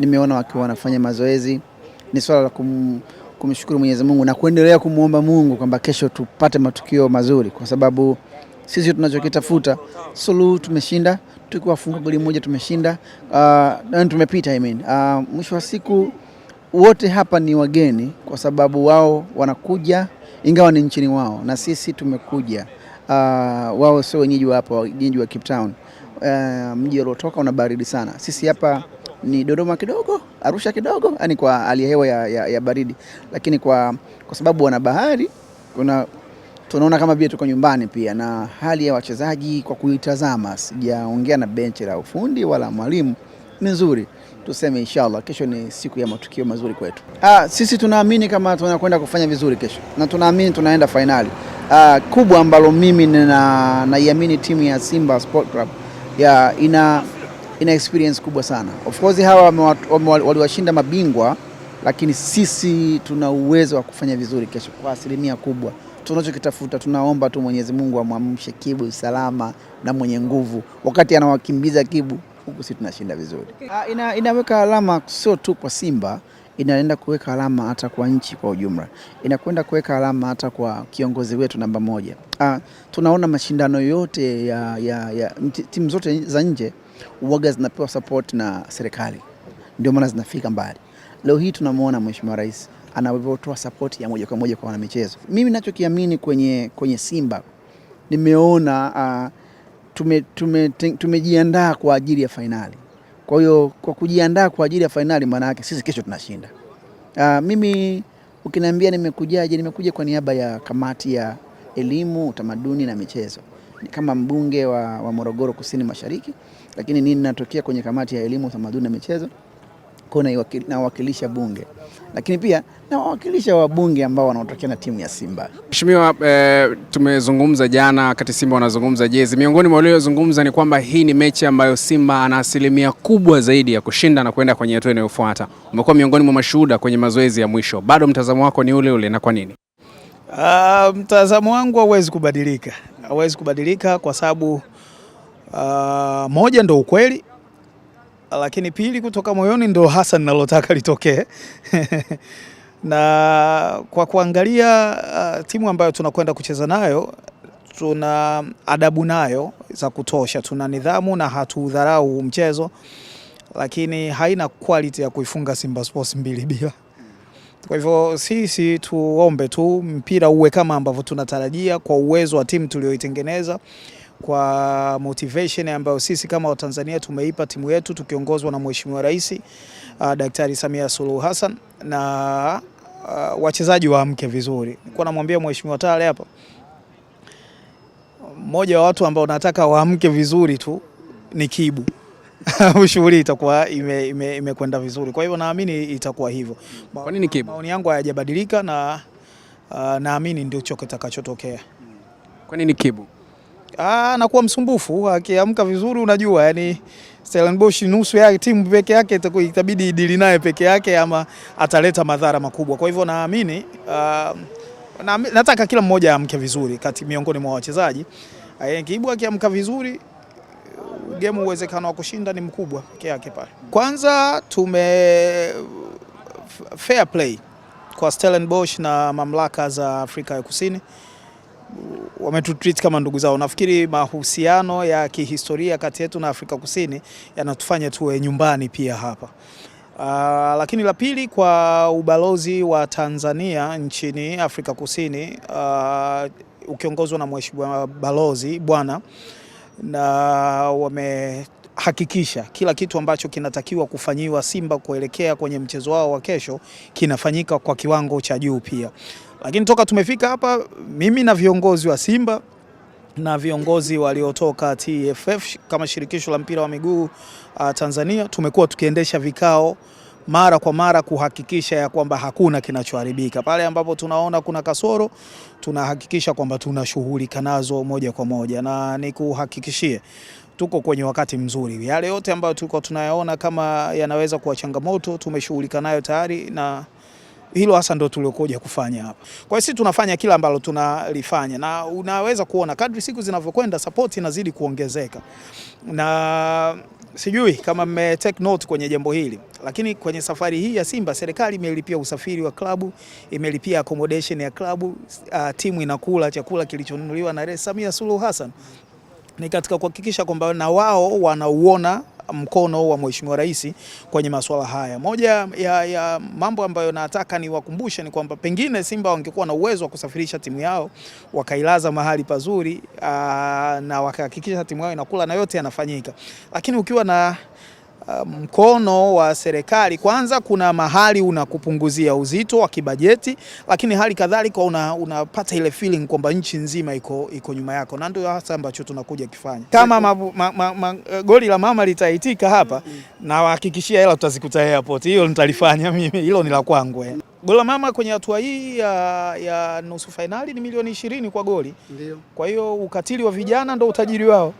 nimeona wakiwa wanafanya mazoezi. Ni swala la kum, kumshukuru Mwenyezi Mungu na kuendelea kumwomba Mungu kwamba kesho tupate matukio mazuri, kwa sababu sisi tunachokitafuta suluhu, tumeshinda tukiwafunga goli moja tumeshinda, uh, tumepita I mean. Uh, mwisho wa siku wote hapa ni wageni, kwa sababu wao wanakuja ingawa ni nchini wao na sisi tumekuja. Uh, wao sio wenyeji wa hapa, wenyeji wa Cape Town. Uh, mji waliotoka una baridi sana, sisi hapa ni Dodoma kidogo, Arusha kidogo, yani kwa hali ya hewa ya, ya baridi, lakini kwa, kwa sababu wana bahari kuna tunaona kama vile tuko nyumbani pia. Na hali ya wachezaji kwa kuitazama, sijaongea na benchi la ufundi wala mwalimu, ni nzuri. Tuseme inshallah kesho ni siku ya matukio mazuri kwetu. Ah, sisi tunaamini kama tunakwenda kufanya vizuri kesho, na tunaamini tunaenda fainali ah, kubwa ambalo mimi naiamini na timu ya Simba Sport Club ya ina ina experience kubwa sana. Of course hawa waliwashinda mabingwa, lakini sisi tuna uwezo wa kufanya vizuri kesho kwa asilimia kubwa. Tunachokitafuta, tunaomba tu Mwenyezi Mungu amwamshe Kibu salama na mwenye nguvu, wakati anawakimbiza Kibu huku sisi tunashinda vizuri. Ah, ina, inaweka alama sio tu kwa Simba, inaenda kuweka alama hata kwa nchi kwa ujumla, inakwenda kuweka alama hata kwa kiongozi wetu namba moja. Ah, tunaona mashindano yote ya, ya, ya timu zote za nje uoga zinapewa support na serikali, ndio maana zinafika mbali. Leo hii tunamwona Mheshimiwa Rais anavyotoa support ya moja kwa moja kwa wanamichezo. Mimi nachokiamini kwenye, kwenye Simba nimeona uh, ah, tumejiandaa tume, tume kwa ajili ya fainali. Kwa hiyo kwa kujiandaa kwa ajili ya fainali, maana yake sisi kesho tunashinda. Uh, mimi ukiniambia nimekujaje, nimekuja kwa niaba ya kamati ya elimu, utamaduni na michezo kama mbunge wa, wa Morogoro Kusini Mashariki, lakini nini natokea kwenye kamati ya elimu, utamaduni na michezo kwa nawakilisha bunge, lakini pia nawawakilisha wabunge ambao wanaotokea na timu ya Simba. Mheshimiwa, e, tumezungumza jana wakati Simba wanazungumza jezi, miongoni mwa waliozungumza ni kwamba hii ni mechi ambayo Simba ana asilimia kubwa zaidi ya kushinda na kwenda kwenye hatua inayofuata. Umekuwa miongoni mwa mashuhuda kwenye mazoezi ya mwisho, bado mtazamo wako ni ule ule na kwa nini? Uh, mtazamo wangu hauwezi kubadilika, hauwezi kubadilika kwa sababu uh, moja ndo ukweli, lakini pili kutoka moyoni ndo hasa ninalotaka litokee na kwa kuangalia uh, timu ambayo tunakwenda kucheza nayo tuna adabu nayo za kutosha, tuna nidhamu na hatuudharau mchezo, lakini haina quality ya kuifunga Simba Sports mbili bila kwa hivyo sisi tuombe tu mpira uwe kama ambavyo tunatarajia kwa uwezo wa timu tulioitengeneza, kwa motivation ambayo sisi kama Watanzania tumeipa timu yetu tukiongozwa na Mheshimiwa Rais uh, Daktari Samia Suluhu Hassan na uh, wachezaji waamke vizuri. Nilikuwa namwambia Mheshimiwa Tale hapa, mmoja wa watu ambao nataka waamke vizuri tu ni Kibu. shughuli itakuwa imekwenda ime, ime vizuri. Kwa hivyo naamini itakuwa hivyo. Kwa nini kibu? Maoni yangu hayajabadilika na uh, naamini ndicho kitakachotokea. Hmm. Kwa nini kibu? Ah, anakuwa msumbufu, akiamka vizuri unajua, yani Stellenbosch nusu ya timu peke yake itabidi idili naye peke yake ama ataleta madhara makubwa. Kwa hivyo naamini uh, ah, na, nataka kila mmoja amke vizuri kati miongoni mwa wachezaji. Eh, kibu akiamka vizuri game uwezekano wa kushinda ni mkubwa peke yake pale. Kwanza tume fair play kwa Stellenbosch na mamlaka za Afrika ya Kusini wametutreat kama ndugu zao. Nafikiri mahusiano ya kihistoria kati yetu na Afrika Kusini yanatufanya tuwe nyumbani pia hapa. Uh, lakini la pili kwa ubalozi wa Tanzania nchini Afrika Kusini uh, ukiongozwa na Mheshimiwa balozi bwana na wamehakikisha kila kitu ambacho kinatakiwa kufanyiwa Simba kuelekea kwenye mchezo wao wa kesho kinafanyika kwa kiwango cha juu pia. Lakini toka tumefika hapa, mimi na viongozi wa Simba na viongozi waliotoka TFF kama shirikisho la mpira wa miguu uh, Tanzania tumekuwa tukiendesha vikao mara kwa mara kuhakikisha ya kwamba hakuna kinachoharibika. Pale ambapo tunaona kuna kasoro, tunahakikisha kwamba tunashughulika nazo moja kwa moja, na nikuhakikishie tuko kwenye wakati mzuri. Yale yote ambayo tulikuwa tunayaona kama yanaweza kuwa changamoto tumeshughulika nayo tayari na hilo hasa ndo tuliokuja kufanya hapa. Kwa hiyo sisi tunafanya kila ambalo tunalifanya, na unaweza kuona kadri siku zinavyokwenda support inazidi kuongezeka na Sijui kama mme take note kwenye jambo hili, lakini kwenye safari hii ya Simba serikali imelipia usafiri wa klabu, imelipia accommodation ya klabu, uh, timu inakula chakula kilichonunuliwa na Rais Samia Suluhu Hassan. Ni katika kuhakikisha kwamba na wao wanauona mkono wa Mheshimiwa Rais kwenye masuala haya. Moja ya, ya mambo ambayo nataka niwakumbushe ni kwamba pengine Simba wangekuwa na uwezo wa kusafirisha timu yao wakailaza mahali pazuri aa, na wakahakikisha timu yao inakula na yote yanafanyika, lakini ukiwa na Um, mkono wa serikali, kwanza kuna mahali unakupunguzia uzito wa kibajeti, lakini hali kadhalika unapata ile feeling kwamba nchi nzima iko, iko nyuma yako, na ndio hasa ambacho tunakuja kifanya kama ma, ma, ma, ma, eh, goli la mama litaitika hapa mm -hmm. na wahakikishia hela tutazikuta airport, hiyo nitalifanya mimi, hilo ni la kwangu eh. Goli la mama kwenye hatua hii ya, ya nusu fainali ni milioni ishirini kwa goli. Ndio. Kwa hiyo ukatili wa vijana ndo utajiri wao.